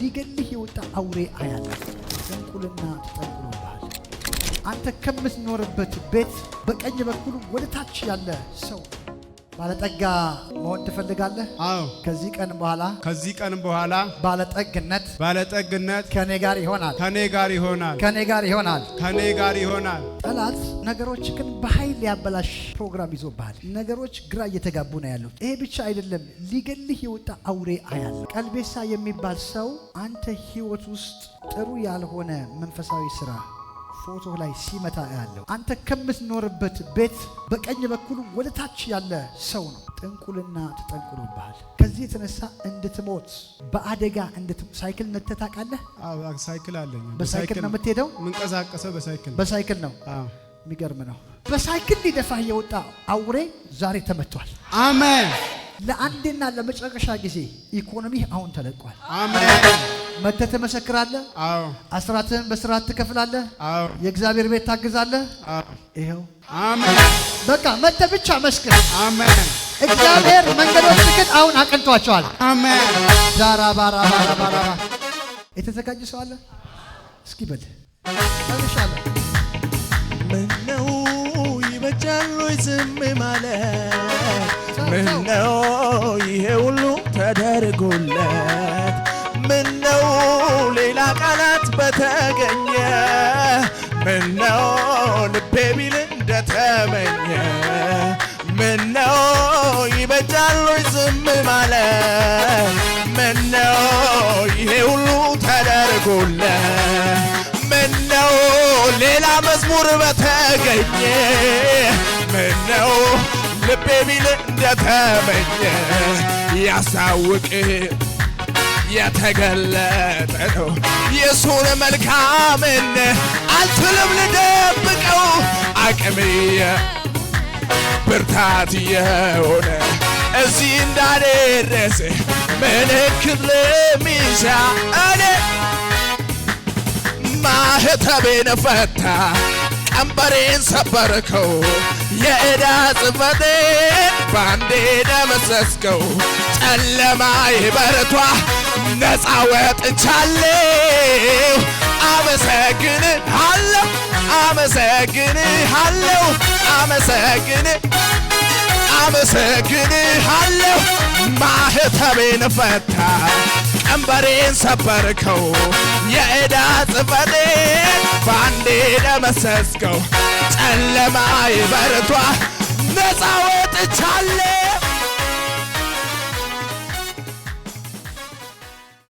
ሊገልህ የወጣ አውሬ አያለ ጥንቁልና ተጠንቁሎብሃል። አንተ ከምትኖርበት ቤት በቀኝ በኩል ወደ ታች ያለ ሰው ባለጠጋ መሆን ትፈልጋለህ? አዎ። ከዚህ ቀን በኋላ ከዚህ ቀን በኋላ ባለጠግነት ባለጠግነት ከኔ ጋር ይሆናል ከኔ ጋር ይሆናል ከኔ ጋር ይሆናል ከኔ ጋር ይሆናል። ጠላት ነገሮች ግን በኃይል ያበላሽ ፕሮግራም ይዞብሃል። ነገሮች ግራ እየተጋቡ ነው ያሉት። ይሄ ብቻ አይደለም፣ ሊገልህ የወጣ አውሬ አያል ቀልቤሳ የሚባል ሰው አንተ ህይወት ውስጥ ጥሩ ያልሆነ መንፈሳዊ ስራ ፎቶ ላይ ሲመታ ያለው አንተ ከምትኖርበት ቤት በቀኝ በኩል ወደታች ያለ ሰው ነው። ጥንቁልና ተጠንቁሎብሃል። ከዚህ የተነሳ እንድትሞት በአደጋ ሳይክል ነተህ ታውቃለህ? ሳይክል አለኝ። በሳይክል ነው የምትሄደው? የምንቀሳቀሰው በሳይክል በሳይክል ነው። የሚገርም ነው። በሳይክል ሊደፋህ የወጣ አውሬ ዛሬ ተመቷል። አሜን። ለአንዴና ለመጨረሻ ጊዜ ኢኮኖሚህ አሁን ተለቋል። አሜን። መተ ትመሰክራለህ። አስራትህን በስርዓት ትከፍላለህ። የእግዚአብሔር ቤት ታግዛለህ። ይኸው በቃ መተ ብቻ መስክር። እግዚአብሔር መንገዶች ግን አሁን አቅንቷቸዋል። ዛራ ባራ ባራ ባራ የተዘጋጀ ሰው አለ እስኪ በል ታንሻለ ምነው ይበጃል ዝም ማለት ምነው ይሄ ሁሉ ተደርጎለት ቃላት በተገኘ ምነው ልቤ ቢል እንደተመኘ ምነው ይበጃል ወይ ዝም ማለ ምነው ይሄ ሁሉ ተደርጎለ ምነው ሌላ መዝሙር በተገኘ ምነው ልቤ ቢል እንደተመኘ ያሳውቅ የተገለጠ ነው የሱን መልካምን አልችልም ልደብቀው አቅምየ ብርታት የሆነ እዚህ እንዳደረሰ ምልክት ለሚሻ እኔ ማህተቤን ፈታ ቀንበሬን ሰበርከው የእዳ ጽሕፈቴን ባንዴ ደመሰስከው ጨለማ ይበርቷ ነፃ ወጥቻለሁ። አመሰግንሃለሁ፣ አመሰግንሃለሁ፣ አመሰግን አመሰግንሃለሁ። ማህተቤን ፈታ ቀንበሬን ሰበርከው፣ የዕዳ ጽሕፈቴን በአንዴ ደመሰስከው። ጨለማ ይበርቷ፣ ነፃ ወጥቻለሁ